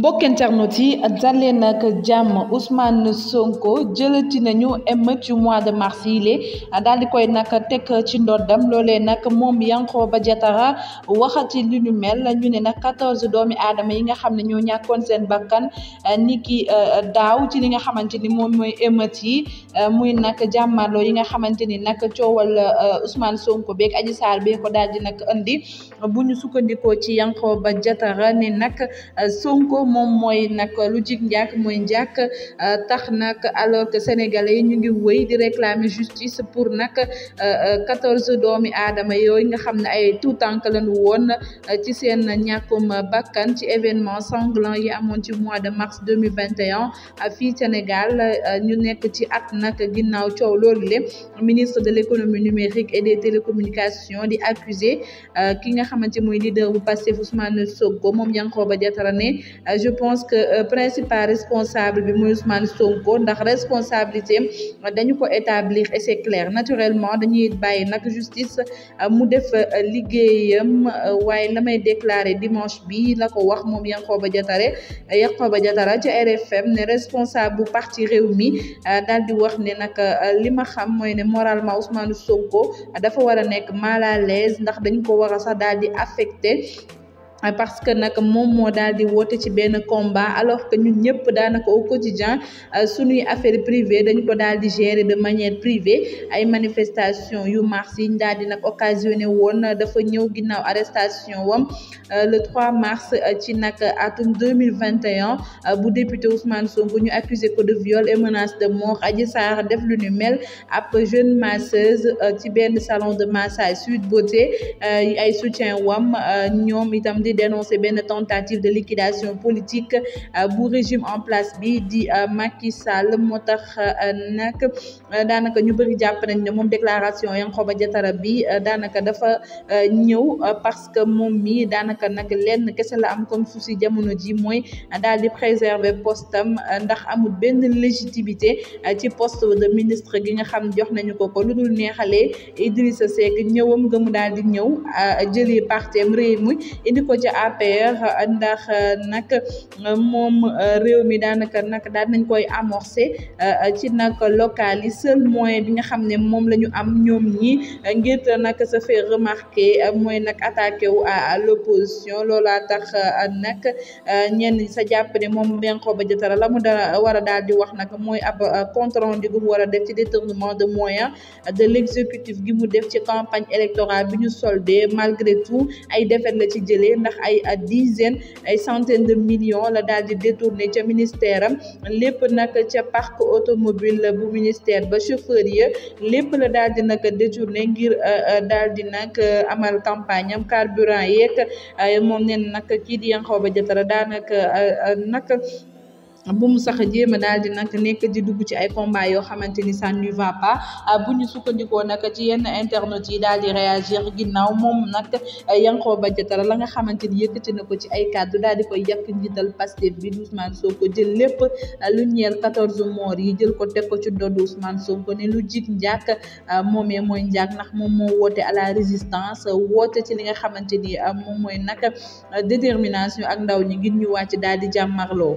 mbokk internautes yi dalee nag jàmm Ousmane Sonko jëlati nañu émeute yu mois de mars yile daal di koy nag teg ci dam loole nag moom yanqoo Yankhoba Diattara waxati lu ñu mel ñu ne nag quatorze doomi aadama yi nga xam ne ñoo ñàkkoon seen bakkan ni ki euh, daaw ci li nga xamante ni moom mooy émeute yi muy nag jàmmarloo yi nga xamante ni nag coowal euh, Ousmane Sonko beeg Adji Sarr bee ko daal di bu ñu sukkandikoo ci Yankhoba Diattara ne nag euh, Sonko. moom mooy nag lu jig njàkk mooy njàkk euh, tax nag alors que sénégalais yi ñu ngi wëy di réclamer justice pour nag euh, euh, quatorze doomi aadama yooyu nga xam ne ay tout tànk lañu woon ci seen ñàkkum bakkan ci événement sanglant yi amoon ci mois de mars deux mille vingt et un fii Sénégal ñu nekk ci at nak ginnaaw coow loolu le ministre de l'économie numérique et des télécommunications di accusé ki nga xamante mooy leader bu Pastef Ousmane Sonko moom Yankhoba Diattara ne je pense que euh, principal responsable bi muy Ousmane Sonko ndax responsabilité dañu ko établir et c'est naturellement dañuy bàyyi nag justice euh, mu def euh, liggéeyam waaye la may déclarer dimanche bi la ko wax moom jatare Diattara Yankhoba Diattara ca RFM ne responsable bu parti Rewmi daal di wax ne nag li ma xam mooy ne moralement Ousmane Sonko dafa war a nekk mal à ndax dañu ko war a sax daal di affecté Euh, parce que nag moom moo daal di woote ci benn combat alors que ñun ñëpp daanaka au quotidien euh, suñuy affaire privée dañu ko daal di gérer de manière privée ay manifestation yu mars yi ñu daal di nag occasionné woon euh, dafa ñëw ginnaaw arrestation wam le 3 mars ci nag atum 2021 bu député Ousmane Sonko ñu accuser ko de viol et menace de mort Adji Sarr def lu ñu mel ab jeune masseuse ci benn salon de massage Sweet Beauté ay soutien wam ñoom itam di dénoncer benn tentative de liquidation politique euh, bu régime en place bi di euh, Macky Sall moo tax euh, nag daanaka ñu bëri jàpp nañ ne moom déclaration Yankhoba Diattara bi daanaka dafa ñëw parce que moom mi daanaka nag lenn kese la am comme souci jamono ji mooy daal di préserver postam ndax amul benn légitimité ci poste de ministre gi nga xam jox nañu ko ko lu dul neexalee Idrissa Seck ñëwam nga mu daal di ñëw jëli partem réew mi indi ko ca APR ndax nag moom réew mi daanaka nag daan nañ koy amorcé ci nag local yi seul moyen bi nga xam ne moom la ñu am ñoom ñi ngir nag se faire remarquer mooy nag attaqué wu à l'opposition loola tax nag ñenn sa jàpp ne moom Bengo ba jotara la mu dara war a daal di wax nag mooy ab compte rendu gu mu war def ci détournement de moyens de l'exécutif gi mu def ci campagne électorale bi ñu soldé malgré tout ay défaite la ci jëlee ndax ay dizaine ay centaine de million la daal di ca ministère am lépp nag ca parc automobile bu ministère ba chauffeur ya lépp la daal di nag détourné ngir euh, euh, daal di nag euh, amal campagne am carburant yeeg moom neen nag kii di Yankhoba Diattara daanaka nag Ah, bu mu sax jéem a daal di nag nekk di dugg ci ay combat yoo xamante ni ça ne va pas ah, bu ñu sukkandikoo nag ci yenn internet yi daal di réagir ginnaaw moom nag eh, Yankhoba Diattara la nga xamante ni yëkkati na ko ci ay kàddu daal di koy yàq njiital Pastef bi Ousmane Sonko jël lépp ah, lu ñeel quatorze morts yi jël ko teg ko ci dodd Ousmane Sonko ne lu jig njàkk moomee mooy njàkk ndax moom moo woote à la résistance woote ci li nga xamante ni moom mooy nag détermination ak ndaw ñi ngir ñu wàcc daal di jàmmarloo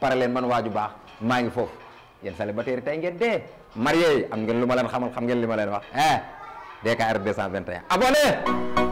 pare leen man waaju baax maa ngi foofu yéen célibataire tey ngeen dee marié yi am ngeen lu ma leen xamal xam ngeen li ma leen wax eh DKR 221 abonné